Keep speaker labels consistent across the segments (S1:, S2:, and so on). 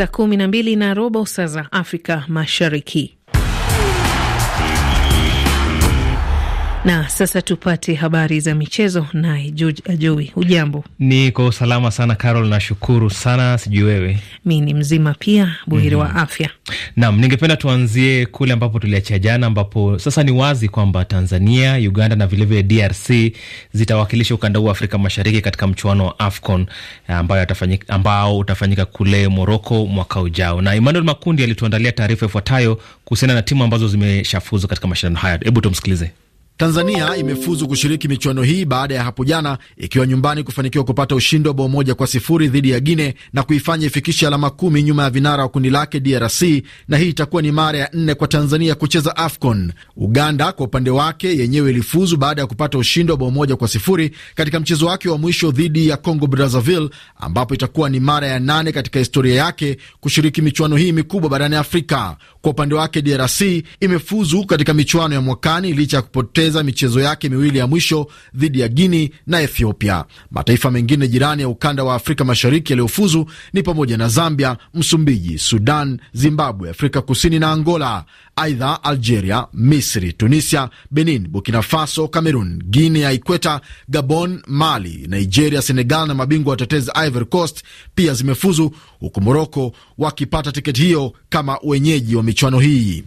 S1: saa kumi na mbili na robo saa za Afrika Mashariki. Na sasa tupate habari za michezo naye George Ajowi. Hujambo?
S2: Niko salama sana Carol, nashukuru sana. Sijui wewe?
S1: Mi ni mzima pia, buheri mm -hmm. wa mhm. afya.
S2: Naam, ningependa tuanzie kule ambapo tuliachia jana, ambapo sasa ni wazi kwamba Tanzania, Uganda na vilevile DRC zitawakilisha ukanda huu wa Afrika Mashariki katika mchuano wa AFCON ambao utafanyika kule Moroko mwaka ujao, na Emmanuel Makundi alituandalia taarifa ifuatayo kuhusiana na timu ambazo zimeshafuzu katika mashindano haya. Hebu tumsikilize.
S3: Tanzania imefuzu kushiriki michuano hii baada ya hapo jana ikiwa nyumbani kufanikiwa kupata ushindi wa bao moja kwa sifuri dhidi ya Guine na kuifanya ifikishe alama kumi nyuma ya vinara wa kundi lake DRC, na hii itakuwa ni mara ya nne kwa Tanzania kucheza AFCON. Uganda kwa upande wake yenyewe ilifuzu baada ya kupata ushindi wa bao moja kwa sifuri katika mchezo wake wa mwisho dhidi ya Congo Brazzaville, ambapo itakuwa ni mara ya nane katika historia yake kushiriki michuano hii mikubwa barani Afrika. Kwa upande wake DRC imefuzu katika michuano ya mwakani licha ya kupoteza kucheza michezo yake miwili ya mwisho dhidi ya Guini na Ethiopia. Mataifa mengine jirani ya ukanda wa Afrika Mashariki yaliyofuzu ni pamoja na Zambia, Msumbiji, Sudan, Zimbabwe, Afrika Kusini na Angola. Aidha, Algeria, Misri, Tunisia, Benin, Burkina Faso, Cameroon, Guinea ya Ikweta, Gabon, Mali, Nigeria, Senegal na mabingwa watetezi Ivory Coast pia zimefuzu, huku Moroko wakipata tiketi hiyo kama wenyeji wa michuano hii.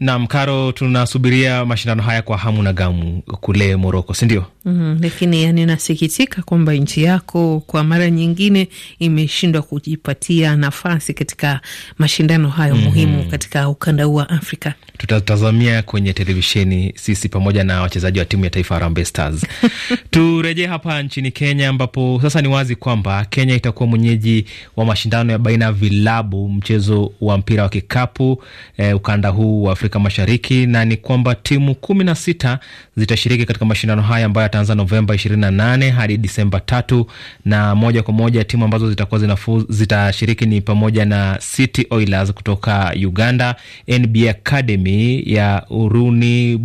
S3: Naam, Karo, tunasubiria
S2: mashindano haya kwa hamu na gamu kule Moroko, sindio?
S1: Mm, lakini yani nasikitika kwamba nchi yako kwa mara nyingine imeshindwa kujipatia nafasi katika mashindano hayo mm -hmm. muhimu katika ukanda huu wa Afrika
S2: tutatazamia kwenye televisheni sisi pamoja na wachezaji wa timu ya taifa Harambee Stars. Turejee hapa nchini Kenya, ambapo sasa ni wazi kwamba Kenya itakuwa mwenyeji wa mashindano ya baina ya vilabu, mchezo wa mpira wa kikapu eh, ukanda huu wa Afrika Mashariki, na ni kwamba timu kumi na sita zitashiriki katika mashindano haya ambayo yataanza Novemba 28 hadi Disemba tatu, na moja kwa moja timu ambazo zitakuwa zitashiriki ni pamoja na City Oilers kutoka Uganda, NBA Academy mimi ya Uruni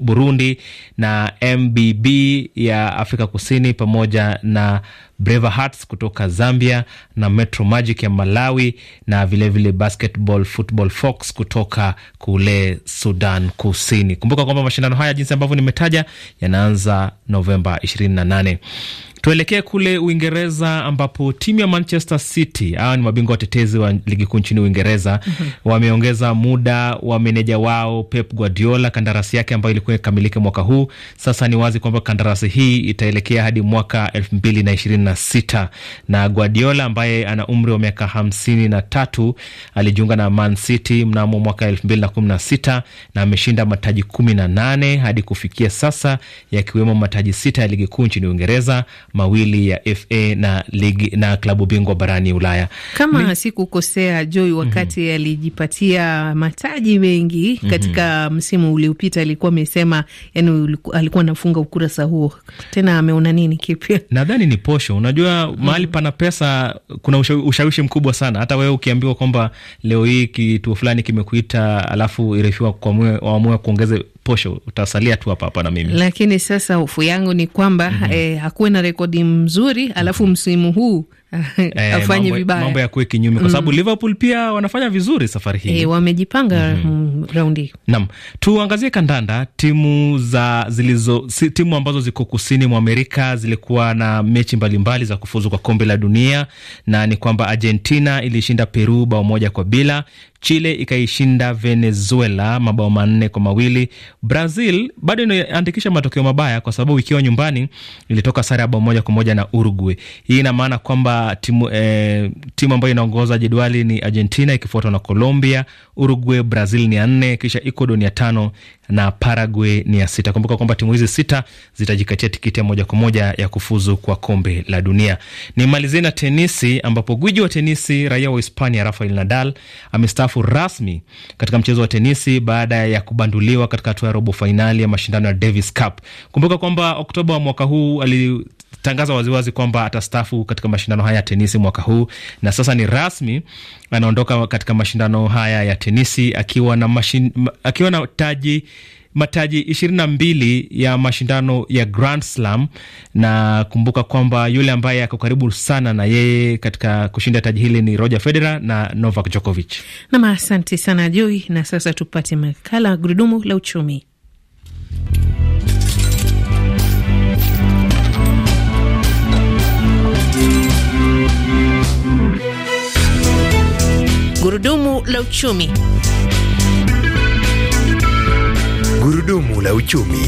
S2: Burundi na MBB ya Afrika Kusini pamoja na Brave Hearts kutoka Zambia na Metro Magic ya Malawi na vilevile vile Basketball Football Fox kutoka kule Sudan Kusini. Kumbuka kwamba mashindano haya jinsi ambavyo nimetaja yanaanza Novemba 28. Tuelekee kule Uingereza ambapo timu ya Manchester City, hawa ni mabingwa watetezi wa ligi kuu nchini Uingereza, mm -hmm. wameongeza muda wa meneja wao Pep Guardiola. Kandarasi yake ambayo ilikuwa ikamilike mwaka huu, sasa ni wazi kwamba kandarasi hii itaelekea hadi mwaka elfu mbili na ishirini na sita na Guardiola ambaye ana umri wa miaka hamsini na tatu alijiunga na Man City mnamo mwaka elfu mbili na kumi na sita na ameshinda mataji kumi na nane hadi kufikia sasa, yakiwemo mataji sita ya ligi kuu nchini Uingereza mawili ya FA na ligi na klabu bingwa barani Ulaya.
S1: Kama Mi... sikukosea Joy, wakati mm -hmm. alijipatia mataji mengi mhm. katika mm -hmm. msimu uliopita alikuwa amesema, yani alikuwa anafunga ukurasa huo, tena ameona nini kipya?
S2: Nadhani ni posho. Unajua mm -hmm. mahali pana pesa kuna ushawishi mkubwa sana. Hata wewe ukiambiwa kwamba leo hii kituo fulani kimekuita, alafu irefiwa wamue kuongeza posho, utasalia tu hapa hapa na mimi.
S1: Lakini sasa hofu yangu ni kwamba mm -hmm. eh, hakuwe na rekodi mzuri alafu mm -hmm. msimu huu eh, afanye vibaya, mambo ya
S2: kuwe kinyume kwa mm. sababu mm. Liverpool pia wanafanya vizuri safari hii eh,
S1: wamejipanga mhm. mm. raundi.
S2: Naam, tuangazie kandanda. Timu za zilizo si, timu ambazo ziko kusini mwa Amerika zilikuwa na mechi mbalimbali mbali za kufuzu kwa kombe la dunia, na ni kwamba Argentina ilishinda Peru bao moja kwa bila. Chile ikaishinda Venezuela mabao manne kwa mawili. Brazil bado inaandikisha matokeo mabaya kwa sababu ikiwa nyumbani ilitoka sare ya bao moja kwa moja na Uruguay. Hii ina maana kwamba timu, eh, timu ambayo inaongoza jedwali ni Argentina ikifuatwa na Colombia, Uruguay, Brazil ni ya nne, kisha Ecuador ni ya tano, na Paraguay ni ya sita. Kumbuka kwamba timu hizi sita zitajikatia tikiti ya moja kwa moja ya kufuzu kwa kombe la dunia. malizie na tenisi, ambapo gwiji wa tenisi raia wa Hispania Rafael Nadal amestaafu rasmi katika mchezo wa tenisi baada ya kubanduliwa katika hatua ya robo fainali ya mashindano ya Davis Cup. Kumbuka kwamba Oktoba mwaka huu ali tangaza waziwazi kwamba atastafu katika mashindano haya ya tenisi mwaka huu, na sasa ni rasmi anaondoka katika mashindano haya ya tenisi akiwa na, mashin, akiwa na taji mataji ishirini na mbili ya mashindano ya Grand Slam, na kumbuka kwamba yule ambaye ako karibu sana na yeye katika kushinda taji hili ni Roger Federer na Novak Djokovic.
S1: Nam, asante sana Joy, na sasa tupate makala gurudumu la uchumi. Gurudumu la uchumi.
S3: Gurudumu la uchumi.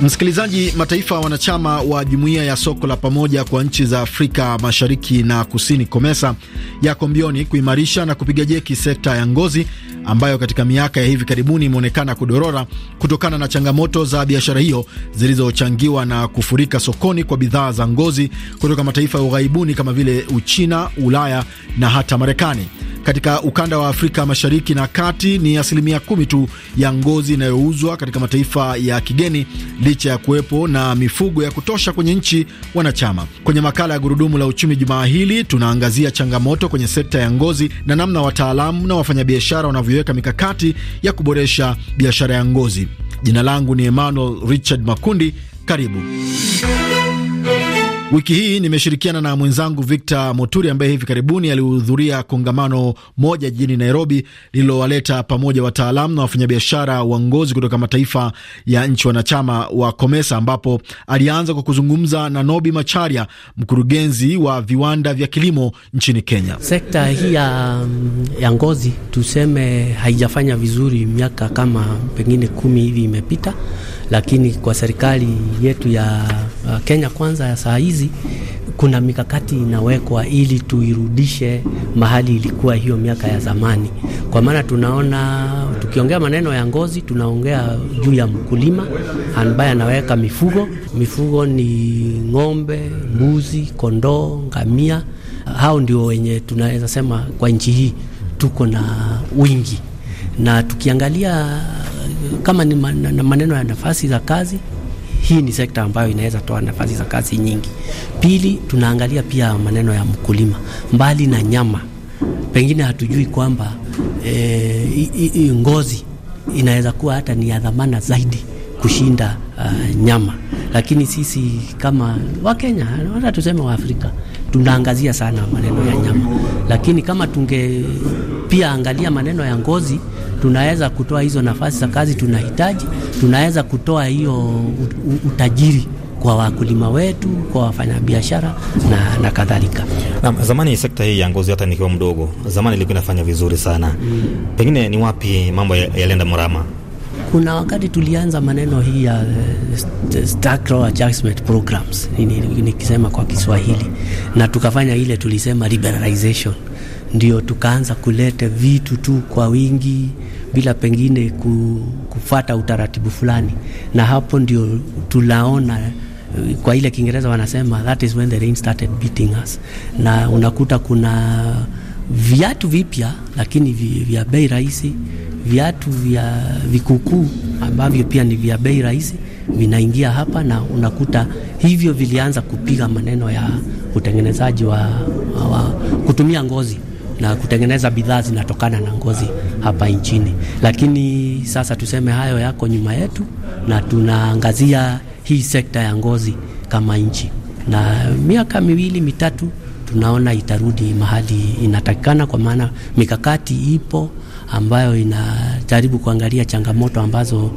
S3: Msikilizaji, mataifa wanachama wa jumuiya ya soko la pamoja kwa nchi za Afrika Mashariki na Kusini, COMESA, yako mbioni kuimarisha na kupiga jeki sekta ya ngozi ambayo katika miaka ya hivi karibuni imeonekana kudorora kutokana na changamoto za biashara hiyo zilizochangiwa na kufurika sokoni kwa bidhaa za ngozi kutoka mataifa ya ughaibuni kama vile Uchina, Ulaya na hata Marekani katika ukanda wa Afrika Mashariki na Kati ni asilimia kumi tu ya ngozi inayouzwa katika mataifa ya kigeni, licha ya kuwepo na mifugo ya kutosha kwenye nchi wanachama. Kwenye makala ya Gurudumu la Uchumi jumaa hili, tunaangazia changamoto kwenye sekta ya ngozi na namna wataalamu na wafanyabiashara wanavyoweka mikakati ya kuboresha biashara ya ngozi. Jina langu ni Emmanuel Richard Makundi. Karibu. Wiki hii nimeshirikiana na mwenzangu Victor Moturi ambaye hivi karibuni alihudhuria kongamano moja jijini Nairobi lililowaleta pamoja wataalamu na wafanyabiashara wa ngozi kutoka mataifa ya nchi wanachama wa COMESA, ambapo alianza kwa kuzungumza na Nobi Macharia, mkurugenzi wa viwanda vya kilimo nchini Kenya.
S4: Sekta hii ya, mm, ya ngozi tuseme haijafanya vizuri miaka kama pengine kumi hivi imepita lakini kwa serikali yetu ya uh, Kenya kwanza ya saa hizi kuna mikakati inawekwa ili tuirudishe mahali ilikuwa hiyo miaka ya zamani, kwa maana tunaona tukiongea maneno ya ngozi, tunaongea juu ya mkulima ambaye anaweka mifugo. Mifugo ni ng'ombe, mbuzi, kondoo, ngamia. Hao ndio wenye tunaweza sema kwa nchi hii tuko na wingi, na tukiangalia kama ni maneno ya nafasi za kazi, hii ni sekta ambayo inaweza toa nafasi za kazi nyingi. Pili, tunaangalia pia maneno ya mkulima, mbali na nyama, pengine hatujui kwamba e, ngozi inaweza kuwa hata ni ya dhamana zaidi kushinda uh, nyama, lakini sisi kama Wakenya hata tuseme Waafrika tunaangazia sana maneno ya nyama, lakini kama tunge pia angalia maneno ya ngozi tunaweza kutoa hizo nafasi za kazi tunahitaji, tunaweza kutoa hiyo utajiri kwa wakulima wetu, kwa wafanyabiashara na, na kadhalika. Na, zamani sekta hii ya
S5: ngozi hata nikiwa mdogo zamani ilikuwa inafanya vizuri sana mm. Pengine ni wapi mambo yalienda ya
S4: mrama? Kuna wakati tulianza maneno hii ya uh, eh, structural adjustment programs nikisema kwa Kiswahili, na tukafanya ile tulisema liberalization ndio tukaanza kuleta vitu tu kwa wingi bila pengine kufata utaratibu fulani, na hapo ndio tunaona eh, kwa ile Kiingereza wanasema that is when the rain started beating us, na unakuta kuna viatu vipya lakini vya bei rahisi, viatu vya vikukuu ambavyo pia ni vya bei rahisi vinaingia hapa, na unakuta hivyo vilianza kupiga maneno ya utengenezaji wa, wa kutumia ngozi na kutengeneza bidhaa zinatokana na ngozi hapa nchini. Lakini sasa tuseme hayo yako nyuma yetu, na tunaangazia hii sekta ya ngozi kama nchi, na miaka miwili mitatu tunaona itarudi mahali inatakikana, kwa maana mikakati ipo ambayo inajaribu kuangalia changamoto ambazo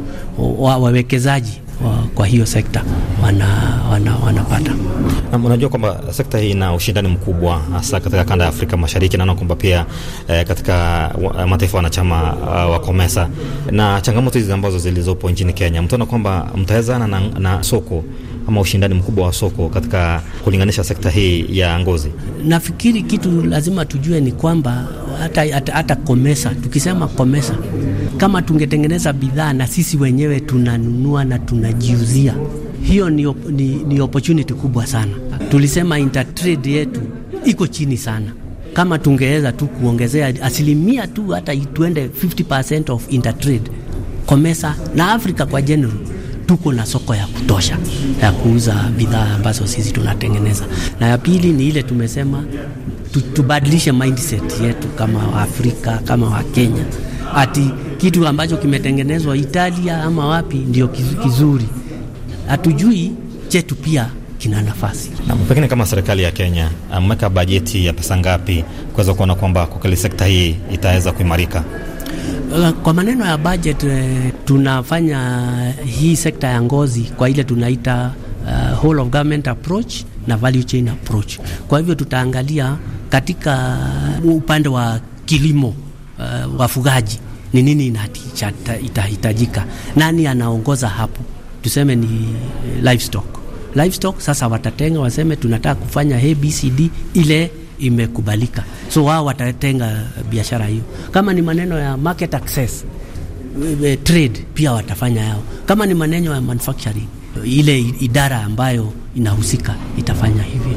S4: wawekezaji wa, kwa hiyo sekta wanapata wana, wana
S5: na unajua kwamba sekta hii ina ushindani mkubwa hasa katika kanda ya Afrika Mashariki. Naona kwamba pia eh, katika mataifa wanachama uh, wa Komesa na changamoto hizi ambazo zilizopo nchini Kenya, mtaona kwamba mtawezana na, na soko ama ushindani mkubwa wa soko katika kulinganisha sekta hii ya ngozi.
S4: Nafikiri kitu lazima tujue ni kwamba hata, hata, hata Komesa tukisema Komesa kama tungetengeneza bidhaa na sisi wenyewe tunanunua na tunajiuzia, hiyo ni, ni, ni opportunity kubwa sana. Tulisema intertrade yetu iko chini sana kama tungeweza tu kuongezea asilimia tu hata tuende 50% of intertrade Komesa na Afrika kwa general, tuko na soko ya kutosha ya kuuza bidhaa ambazo sisi tunatengeneza. Na ya pili ni ile tumesema tubadilishe mindset yetu kama Waafrika kama Wakenya ati kitu ambacho kimetengenezwa Italia ama wapi, ndio kizuri. Hatujui chetu pia kina nafasi.
S5: Na pengine kama serikali ya Kenya ameweka um, bajeti ya pesa ngapi kuweza kuona kwamba kwa kweli sekta hii itaweza kuimarika?
S4: Kwa maneno ya budget, eh, tunafanya hii sekta ya ngozi kwa ile tunaita uh, whole of government approach na value chain approach. Kwa hivyo tutaangalia katika upande wa kilimo, uh, wafugaji ni nini itahitajika, nani anaongoza hapo. Tuseme ni eh, livestock. Livestock sasa watatenga, waseme tunataka kufanya ABCD ile imekubalika, so wao watatenga biashara hiyo. Kama ni maneno ya market access eh, eh, trade, pia watafanya yao. Kama ni maneno ya manufacturing ile idara ambayo inahusika itafanya hivi.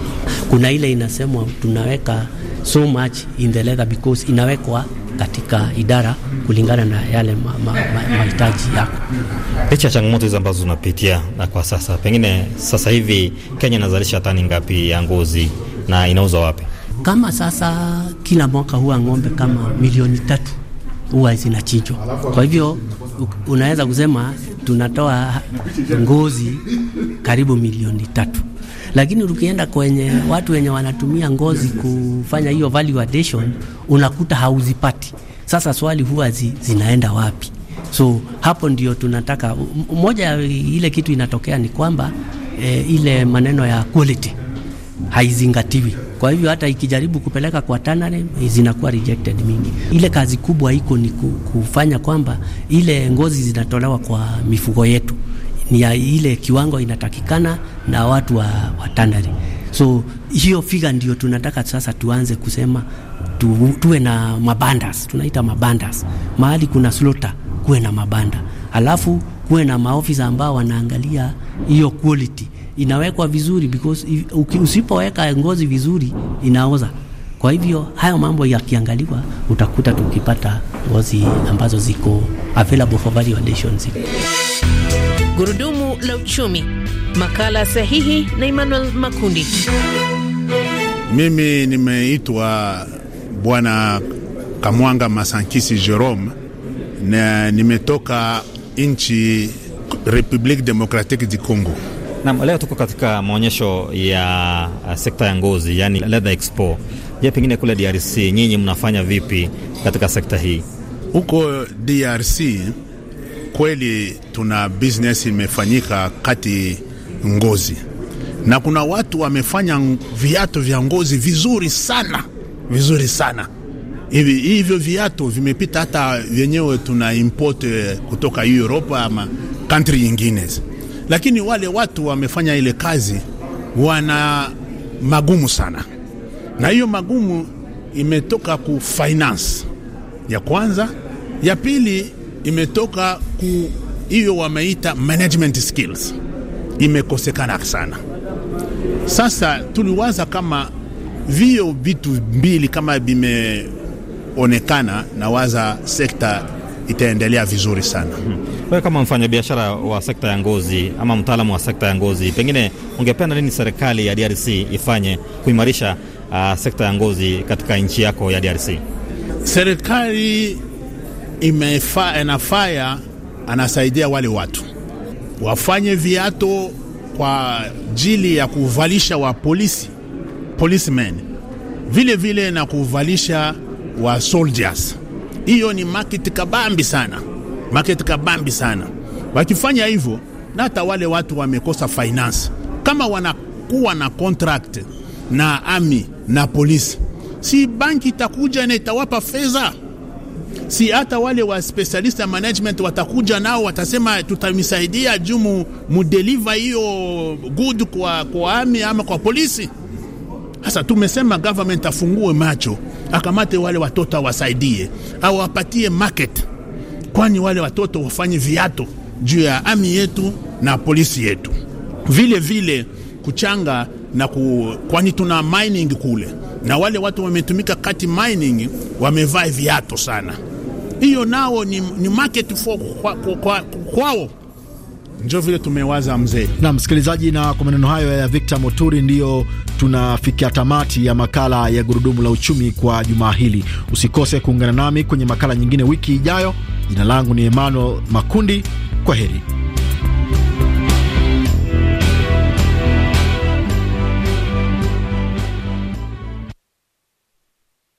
S4: Kuna ile inasemwa tunaweka so much in the leather because inawekwa katika idara kulingana na yale mahitaji ma, ma, yako. Licha
S5: ya changamoto hizo ambazo zinapitia na kwa sasa, pengine sasa hivi Kenya inazalisha tani ngapi ya ngozi na inauza wapi?
S4: Kama sasa kila mwaka huwa ng'ombe kama milioni tatu huwa zinachinjwa. Kwa hivyo unaweza kusema tunatoa ngozi karibu milioni tatu. Lakini ukienda kwenye watu wenye wanatumia ngozi kufanya hiyo value addition, unakuta hauzipati. Sasa swali huwa zi, zinaenda wapi? So hapo ndio tunataka moja, ile kitu inatokea ni kwamba e, ile maneno ya quality haizingatiwi. Kwa hivyo hata ikijaribu kupeleka kwa tanare eh, zinakuwa rejected mingi. Ile kazi kubwa iko ni kufanya kwamba ile ngozi zinatolewa kwa mifugo yetu ni ya ile kiwango inatakikana na watu wa, wa tandari. So hiyo figa ndio tunataka sasa tuanze kusema tu, tuwe na mabandas, tunaita mabandas, mahali kuna slota kuwe na mabanda, alafu kuwe na maofisa ambao wanaangalia hiyo quality inawekwa vizuri, because usipoweka ngozi vizuri inaoza. Kwa hivyo hayo mambo yakiangaliwa, utakuta tukipata ngozi ambazo ziko available for value addition.
S1: Gurudumu la uchumi, makala sahihi na Emmanuel Makundi.
S6: Mimi nimeitwa Bwana Kamwanga Masankisi Jerome na nimetoka nchi Republique Democratique du Congo. nam leo tuko
S5: katika maonyesho ya uh, sekta ya ngozi, yani leather expo. Je, pengine kule DRC
S6: nyinyi mnafanya vipi katika sekta hii? Huko DRC kweli tuna business imefanyika kati ngozi, na kuna watu wamefanya viatu vya ngozi vizuri sana, vizuri sana hivi. Hivyo viatu vimepita hata vyenyewe tuna import eh, kutoka Europe ama country nyingine, lakini wale watu wamefanya ile kazi wana magumu sana, na hiyo magumu imetoka ku finance ya kwanza, ya pili imetoka ku hiyo wameita management skills imekosekana sana. Sasa tuliwaza kama vio vitu mbili kama vimeonekana, na waza sekta itaendelea vizuri sana.
S5: Wewe kama mfanyabiashara wa sekta ya ngozi ama mtaalamu wa sekta ya ngozi, pengine ungependa nini serikali ya DRC ifanye kuimarisha uh, sekta ya ngozi katika nchi
S6: yako ya DRC? Serikali imefa, inafaya anasaidia wale watu wafanye viato kwa ajili ya kuvalisha wa polisi policemen, vile vile na kuvalisha wa soldiers. Hiyo ni market kabambi sana, market kabambi sana. Wakifanya hivyo, na hata wale watu wamekosa finance, kama wanakuwa na contract na ami na polisi, si banki itakuja na itawapa fedha si hata wale wa specialist ya management watakuja nao watasema tutamisaidia juu mudeliva hiyo good kwa, kwa ami ama kwa polisi. Sasa tumesema government afungue macho, akamate wale watoto awasaidie, au wapatie market, kwani wale watoto wafanye viato juu ya ami yetu na polisi yetu, vile vile kuchanga na ku, kwani tuna mining kule na wale watu wametumika kati mining wamevaa viato sana hiyo nao ni, ni market for kwa, kwa, kwa, kwa. Ndio vile tumewaza mzee.
S3: Na msikilizaji, na kwa maneno hayo ya Victor Moturi, ndiyo tunafikia tamati ya makala ya gurudumu la uchumi kwa jumaa hili. Usikose kuungana nami kwenye makala nyingine wiki ijayo. Jina langu ni Emmanuel Makundi. Kwa heri.